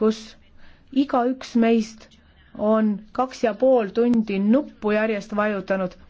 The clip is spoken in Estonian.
kus igaüks meist on kaks ja pool tundi nuppu järjest vajutanud